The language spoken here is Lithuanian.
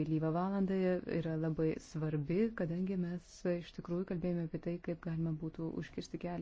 Vėlyvą valandą yra labai svarbi, kadangi mes iš tikrųjų kalbėjome apie tai, kaip galima būtų užkirsti kelią.